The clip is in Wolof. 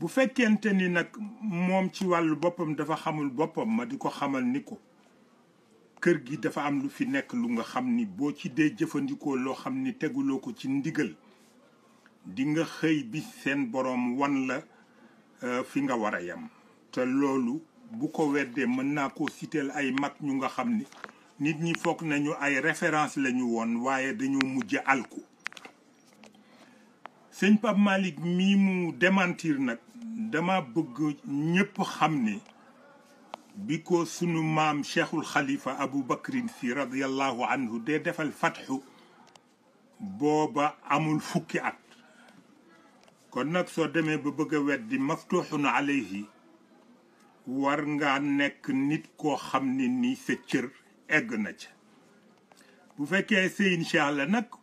bu fekkente ni nag moom ci wàllu boppam dafa xamul boppam ma di ko xamal ni ko kër gi dafa am lu fi nekk lu nga xam ni boo ci dee jëfandikoo loo xam ni teguloo ko ci ndigal dinga xëy bi seen boroom wan la euh, fi nga war a yem te loolu bu ko weddee mën naa koo siteel ay mag ñu nga xam ni nit ñi foog nañu ay référence lañu woon waaye dañoo mujj alku seigne Pape malik mi mu démentir nak dama bëgg ñépp xam ne bi ko sunu mam cheikhul khalifa abou bakrin fi radiyallahu anhu de defal fathu boba amul fukki at kon nak so démé ba bëgg weddi maftuhun alayhi war nga nek nit ko xamni ni sa cër egg na ci bu fekke seigne cheikh la nag